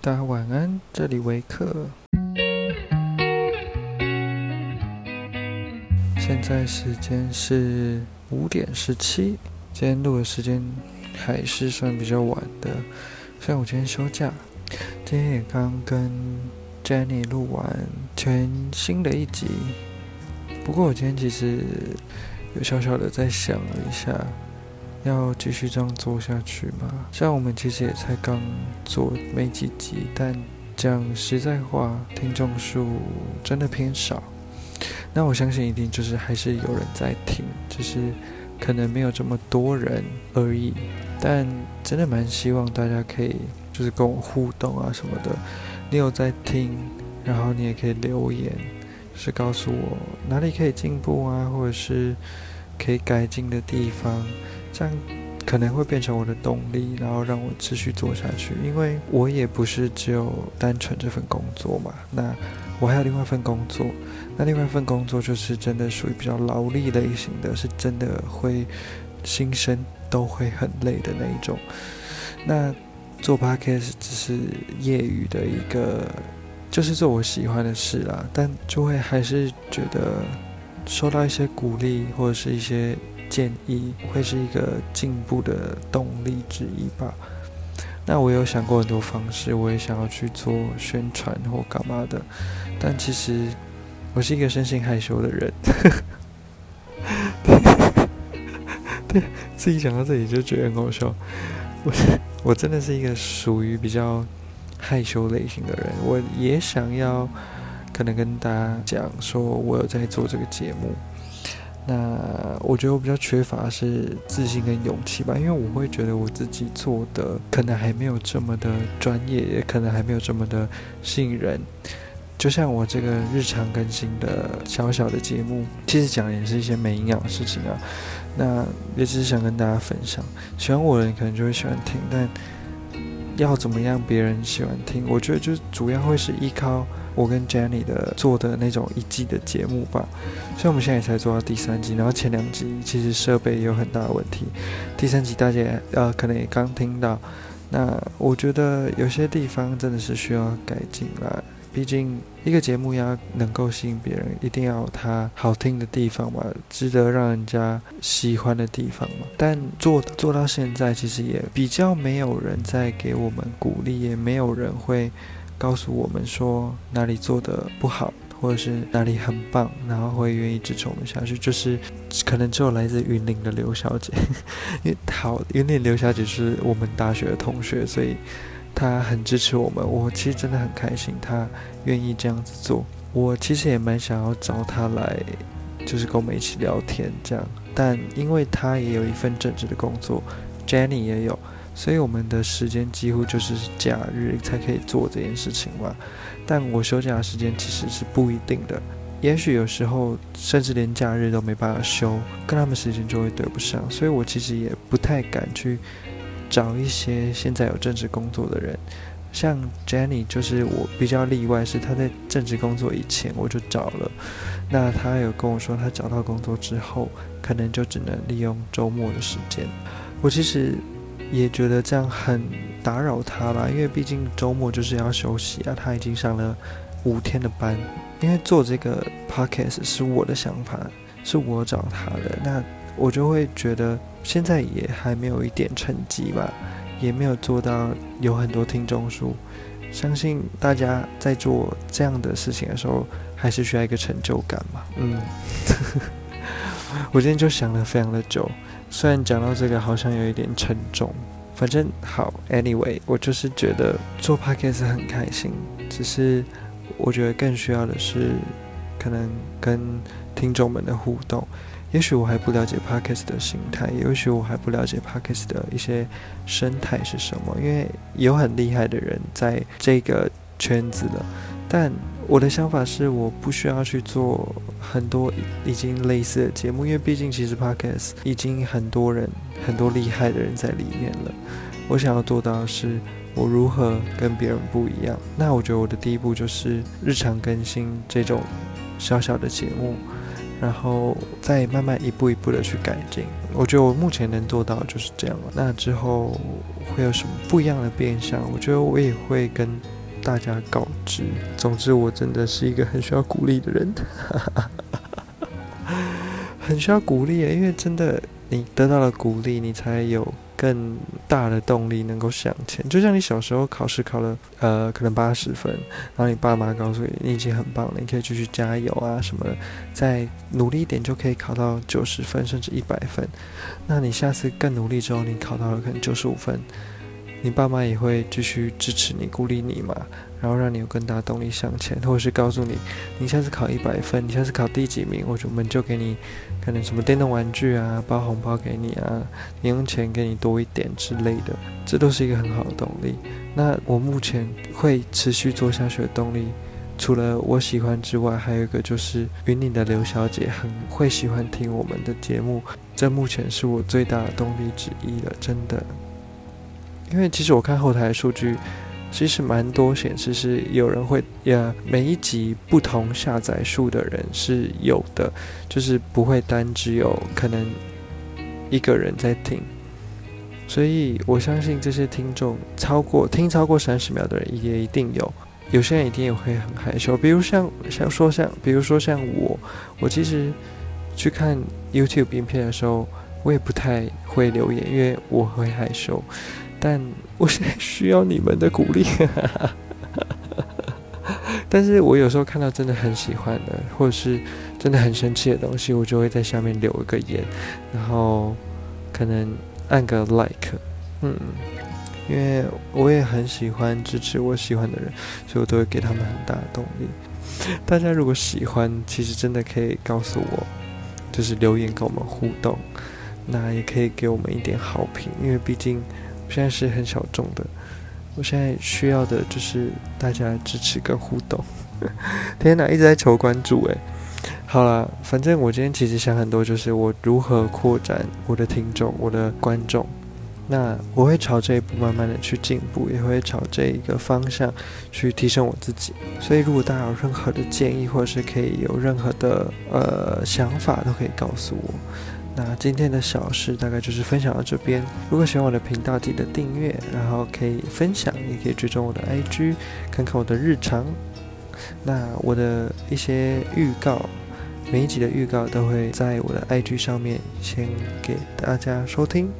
大家晚安，這裡維克。現在時間是五點十七，今天錄的時間還是算比較晚的。雖然我今天休假，今天也剛跟 Jenny 錄完全新的一集。不過我今天其實有小小的在想了一下。要繼續這樣做下去嗎？像我們其實也才剛做沒幾集，但講實在話，聽眾數真的偏少。那我相信一定就是還是有人在聽，只，就是可能沒有這麼多人而已。但真的蠻希望大家可以就是跟我互動啊什麼的。你有在聽，然後你也可以留言，就是告訴我哪裡可以進步啊，或者是可以改進的地方。但可能會變成我的動力，然後讓我持續做下去。因為我也不是只有單純這份工作嘛，那我還有另外一份工作。那另外一份工作就是真的屬於比較勞力類型的，是真的會心身都會很累的那一種。那做 podcast 只是業餘的一個，就是做我喜歡的事啦。但就會還是覺得受到一些鼓勵，或者是一些。建議會是一個進步的動力之一吧？那我有想過很多方式，我也想要去做宣傳或幹嘛的，但其實我是一個生性害羞的人。 對，對，自己講到這裡就覺得很搞笑。我我真的是一個屬於比較害羞類型的人。我也想要可能跟大家講說，我有在做這個節目。那我覺得我比較缺乏的是自信跟勇氣吧，因為我會覺得我自己做的可能還沒有這麼的專業，也可能還沒有這麼的吸引人。就像我這個日常更新的小小的節目，其實講也是一些沒營養的事情啊。那也只是想跟大家分享，喜歡我的人可能就會喜歡聽，但。要怎麼樣別人喜歡聽？我覺得就主要會是依靠我跟 Jenny 的做的那種一季的節目吧。所以我們現在也才做到第三季，然後前兩季其實設備也有很大的問題。第三季大家呃可能也剛聽到，那我覺得有些地方真的是需要改進了。畢竟一個節目要能夠吸引別人，一定要有它好聽的地方嘛，值得讓人家喜歡的地方嘛。但做做到現在，其實也比較沒有人在給我們鼓勵，也沒有人會告訴我們說哪裡做得不好，或者是哪裡很棒，然後會願意支持我們下去。就是可能只有來自雲林的劉小姐，因 為好，雲林劉小姐是我們大學的同學，所以。他很支持我們，我其實真的很開心，他願意這樣子做。我其實也蠻想要找他來，就是跟我們一起聊天這樣，但因為他也有一份正職的工作，Jenny 也有，所以我們的時間幾乎就是假日才可以做這件事情嘛。但我休假的時間其實是不一定的，也許有時候甚至連假日都沒辦法休，跟他們時間就會對不上，所以我其實也不太敢去。找一些現在有正職工作的人，像 Jenny，就是我比較例外，是他在正職工作以前我就找了。那他有跟我說，他找到工作之後，可能就只能利用週末的時間。我其實也覺得這樣很打擾他吧，因為畢竟週末就是要休息啊。他已經上了五天的班，因為做這個 podcast 是我的想法，是我找他的那。我就會覺得現在也還沒有一點成績吧，也沒有做到有很多聽眾數。相信大家在做這樣的事情的時候，還是需要一個成就感嘛。嗯， 我今天就想了非常的久，雖然講到這個好像有一點沉重，反正好，anyway，我就是覺得做 podcast 很開心，只是我覺得更需要的是可能跟聽眾們的互動。也許我還不了解 Podcast 的形態，也許我還不了解 Podcast 的一些生態是什麼，因為有很厲害的人在這個圈子了。但我的想法是，我不需要去做很多已經類似的節目，因為畢竟其實 Podcast 已經很多人、很多厲害的人在裡面了。我想要做到的是，我如何跟別人不一樣。那我覺得我的第一步就是日常更新這種小小的節目。然後再慢慢一步一步的去改進，我覺得我目前能做到就是這樣了。那之後會有什麼不一樣的變相，我覺得我也會跟大家告知。總之，我真的是一個很需要鼓勵的人， 很需要鼓勵，因為真的你得到了鼓勵，你才有。更大的動力能夠向前，就像你小時候考試考了，呃，可能八十分，然後你爸媽告訴你你已經很棒了，你可以繼續加油啊，什麼的，再努力一點就可以考到九十分甚至一百分。那你下次更努力之後，你考到了可能九十五分。你爸媽也會繼續支持你、鼓勵你嘛，然後讓你有更大動力向前，或者是告訴你，你下次考一百分，你下次考第幾名，我就我們就給你可能什麼電動玩具啊、包紅包給你啊，零用錢給你多一點之類的，這都是一個很好的動力。那我目前會持續做下去的動力，除了我喜歡之外，還有一個就是雲林的劉小姐很會喜歡聽我們的節目，這目前是我最大的動力之一了，真的。因為其實我看後台的數據，其實蠻多顯示是有人會，呀、yeah，每一集不同下載數的人是有的，就是不會單只有可能一個人在聽，所以我相信這些聽眾超過聽超過三十秒的人也一定有，有些人一定也會很害羞，比如像像說像，比如說像我，我其實去看 YouTube 影片的時候，我也不太會留言，因為我會害羞。但我現在需要你們的鼓勵。 但是，我有時候看到真的很喜歡的，或者是真的很生氣的東西，我就會在下面留一個言，然後可能按個 like，嗯，因為我也很喜歡支持我喜歡的人，所以我都會給他們很大的動力。大家如果喜歡，其實真的可以告訴我，就是留言跟我們互動，那也可以給我們一點好評，因為畢竟。現在是很小眾的，我現在需要的就是大家支持跟互動。 天哪，一直在求關注誒。好了，反正我今天其實想很多，就是我如何擴展我的聽眾、我的觀眾。那我會朝這一步慢慢的去進步，也會朝這一個方向去提升我自己。所以，如果大家有任何的建議，或者是可以有任何的呃想法，都可以告訴我。那今天的小事大概就是分享到這邊。如果喜歡我的頻道，記得訂閱，然後可以分享，也可以追蹤我的 IG，看看我的日常。那我的一些預告，每一集的預告都會在我的 IG 上面先給大家收聽。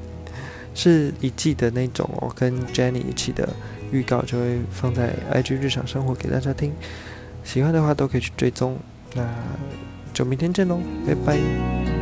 是一季的那種，我跟 Jenny 一起的預告就會放在 IG 日常生活給大家聽。喜歡的話都可以去追蹤。那就明天見嘍，拜拜。